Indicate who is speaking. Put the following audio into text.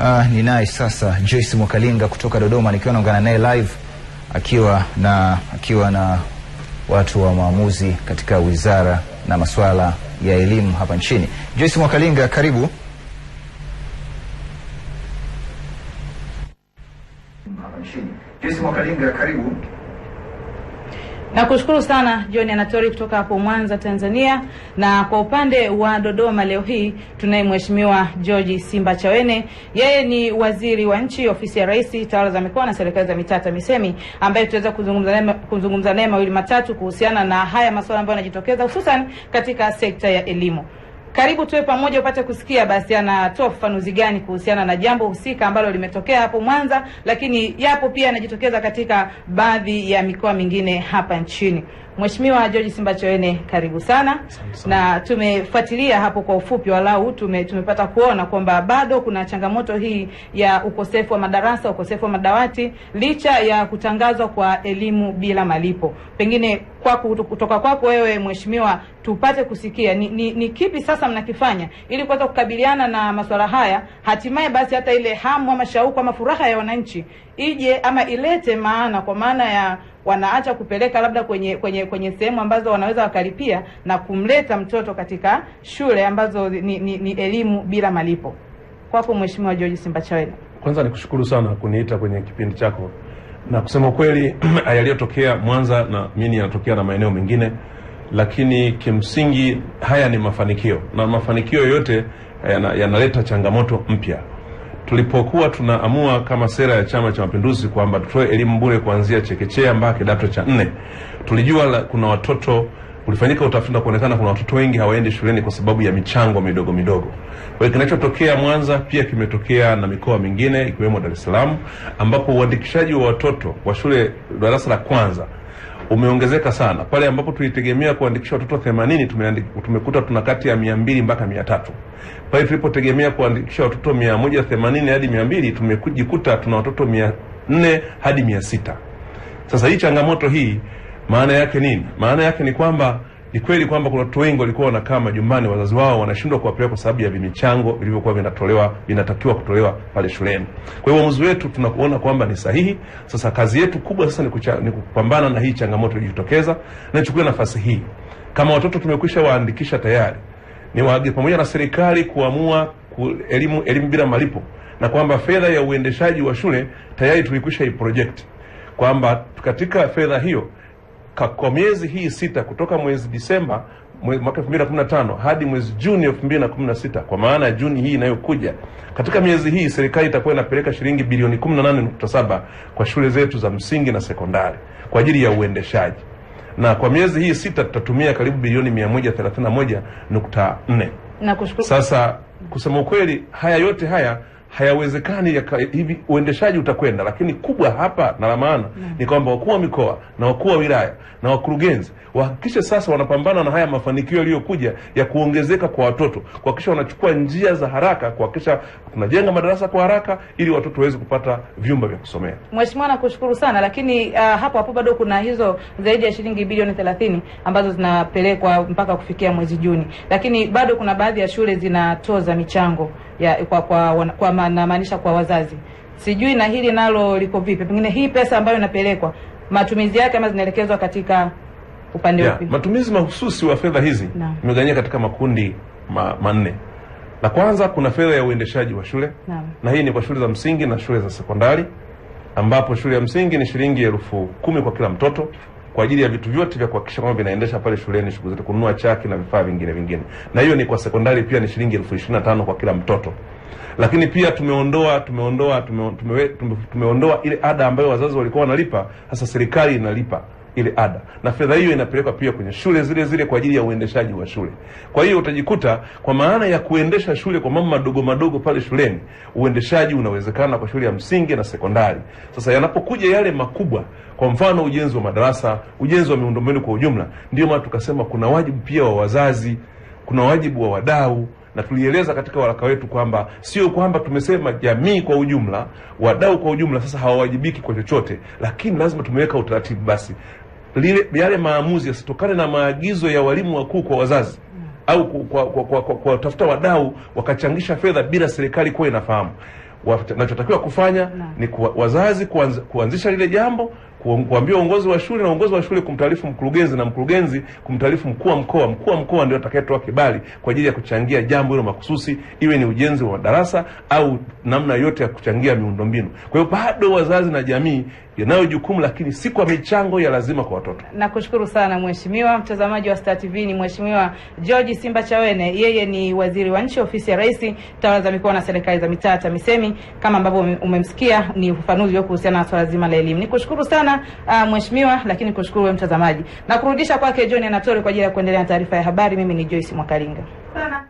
Speaker 1: Uh, ah, ni naye sasa Joyce Mwakalinga kutoka Dodoma nikiwa naungana naye live akiwa na, akiwa na watu wa maamuzi katika wizara na masuala ya elimu hapa nchini. Joyce Mwakalinga, karibu.
Speaker 2: Joyce Mwakalinga, karibu. Nakushukuru sana John Anatori kutoka hapo Mwanza, Tanzania. Na kwa upande wa Dodoma leo hii tunaye Mheshimiwa George Simba Chawene, yeye ni waziri wa nchi ofisi ya Rais, tawala za mikoa na serikali za mitaa TAMISEMI, ambaye tutaweza kuzungumza naye mawili matatu kuhusiana na haya masuala ambayo yanajitokeza hususan katika sekta ya elimu. Karibu tuwe pamoja upate kusikia basi anatoa ufafanuzi gani kuhusiana na jambo husika ambalo limetokea hapo Mwanza, lakini yapo pia yanajitokeza katika baadhi ya mikoa mingine hapa nchini. Mheshimiwa George Simbachawene, karibu sana. Na tumefuatilia hapo kwa ufupi, walau tume, tumepata kuona kwamba bado kuna changamoto hii ya ukosefu wa madarasa, ukosefu wa madawati licha ya kutangazwa kwa elimu bila malipo. Pengine kwako, kutoka kwako wewe mheshimiwa, tupate kusikia ni, ni, ni kipi sasa mnakifanya ili kuweza kukabiliana na masuala haya, hatimaye basi hata ile hamu ama shauku ama furaha ya wananchi ije ama ilete maana, kwa maana ya wanaacha kupeleka labda kwenye kwenye kwenye sehemu ambazo wanaweza wakalipia na kumleta mtoto katika shule ambazo ni, ni, ni elimu bila malipo. Kwako Mheshimiwa George Simbachawene,
Speaker 3: kwanza nikushukuru sana kuniita kwenye kipindi chako na kusema kweli yaliyotokea Mwanza na mini yanatokea na maeneo mengine, lakini kimsingi haya ni mafanikio na mafanikio yoyote eh, yanaleta yana changamoto mpya. Tulipokuwa tunaamua kama sera ya Chama cha Mapinduzi kwamba tutoe elimu bure kuanzia chekechea mpaka kidato cha nne, tulijua la, kuna watoto kulifanyika utafiti na kuonekana kuna watoto wengi hawaendi shuleni kwa sababu ya michango midogo midogo. Kwa hiyo kinachotokea Mwanza pia kimetokea na mikoa mingine ikiwemo Dar es Salaam, ambapo uandikishaji wa watoto wa shule darasa la kwanza umeongezeka sana. Pale ambapo tulitegemea kuandikisha watoto 80 tumekuta tuna kati ya 200 mpaka 300. Pale tulipotegemea kuandikisha watoto 180 hadi 200 tumejikuta tuna watoto 400 hadi 600. Sasa hii changamoto hii maana yake nini? Maana yake ni kwamba ni kweli kwamba kuna watoto wengi walikuwa wanakaa majumbani, wazazi wao wanashindwa kuwapeleka kwa sababu ya vimichango vilivyokuwa vinatolewa vinatakiwa kutolewa pale shuleni. Kwa hiyo uamuzi wetu tunakuona kwamba ni sahihi. Sasa kazi yetu kubwa sasa ni, kucha, ni kupambana na hii changamoto iliyojitokeza, na nafasi hii kama watoto tumekwisha waandikisha tayari, ni waage pamoja na serikali kuamua ku, elimu elimu bila malipo na kwamba fedha ya uendeshaji wa shule tayari tulikwisha iproject kwamba katika fedha hiyo kwa miezi hii sita kutoka mwezi Disemba mwaka 2015 hadi mwezi Juni 2016, kwa maana ya Juni hii inayokuja, katika miezi hii serikali itakuwa inapeleka shilingi bilioni 18.7 kwa shule zetu za msingi na sekondari kwa ajili ya uendeshaji, na kwa miezi hii sita tutatumia karibu bilioni 131.4. Nakushukuru. Sasa kusema ukweli, haya yote haya hayawezekani ya hivi, uendeshaji utakwenda. Lakini kubwa hapa na la maana mm. ni kwamba wakuu wa mikoa na wakuu wa wilaya na wakurugenzi wahakikishe sasa wanapambana na haya mafanikio yaliyokuja ya kuongezeka kwa watoto, kuhakikisha wanachukua njia za haraka, kuhakikisha tunajenga madarasa kwa haraka ili watoto waweze kupata vyumba vya kusomea.
Speaker 2: Mheshimiwa, nakushukuru sana, lakini uh, hapo hapo bado kuna hizo zaidi ya shilingi bilioni 30 ambazo zinapelekwa mpaka kufikia mwezi Juni, lakini bado kuna baadhi ya shule zinatoza michango ya kwa kwa, kwa maanisha kwa wazazi. Sijui na hili nalo liko vipi, pengine hii pesa ambayo inapelekwa matumizi yake ama zinaelekezwa katika upande upi?
Speaker 3: Matumizi mahususi wa fedha hizi imegawanyika katika makundi ma, manne. La kwanza kuna fedha ya uendeshaji wa shule na, na hii ni kwa shule za msingi na shule za sekondari ambapo shule ya msingi ni shilingi elfu kumi kwa kila mtoto kwa ajili ya vitu vyote vya kuhakikisha kwamba vinaendesha pale shuleni shughuli zote, kununua chaki na vifaa vingine vingine, na hiyo ni kwa sekondari pia ni shilingi elfu ishirini na tano kwa kila mtoto. Lakini pia tumeondoa tumeondoa tume, tume, tume, tumeondoa ile ada ambayo wazazi walikuwa wanalipa, sasa serikali inalipa ile ada, na fedha hiyo inapelekwa pia kwenye shule zile zile kwa ajili ya uendeshaji wa shule. Kwa hiyo utajikuta kwa maana ya kuendesha shule kwa mambo madogo madogo pale shuleni, uendeshaji unawezekana kwa shule ya msingi na sekondari. Sasa yanapokuja yale makubwa, kwa mfano ujenzi wa madarasa, ujenzi wa miundombinu kwa ujumla, ndio maana tukasema kuna wajibu pia wa wazazi, kuna wajibu wa wadau na tulieleza katika waraka wetu kwamba sio kwamba tumesema jamii kwa ujumla, wadau kwa ujumla sasa hawawajibiki kwa chochote, lakini lazima tumeweka utaratibu basi lile yale maamuzi yasitokane na maagizo ya walimu wakuu kwa wazazi au kwa tafuta wadau wakachangisha fedha bila serikali kuwa inafahamu. Wanachotakiwa kufanya ni kwa, wazazi kuanz, kuanzisha lile jambo kuambia uongozi wa shule na uongozi wa shule kumtaarifu mkurugenzi na mkurugenzi kumtaarifu mkuu wa mkoa. Mkuu wa mkoa ndio atakayetoa kibali kwa ajili ya kuchangia jambo hilo makususi, iwe ni ujenzi wa darasa au namna yote ya kuchangia miundombinu. Kwa hiyo bado wazazi na jamii yanayo jukumu, lakini si kwa michango ya lazima kwa watoto.
Speaker 2: Nakushukuru sana mheshimiwa. Mtazamaji wa Star TV ni mheshimiwa George Simba Chawene, yeye ni waziri wa nchi ofisi ya Rais, tawala za mikoa na serikali za mitaa, TAMISEMI. Kama ambavyo umemsikia, ni ufafanuzi wa kuhusiana na swala zima la elimu. Nikushukuru sana uh, mheshimiwa, lakini kushukuru wewe mtazamaji na kurudisha kwake John Anatori kwa ajili ya kuendelea na taarifa ya habari. Mimi ni Joyce Mwakalinga.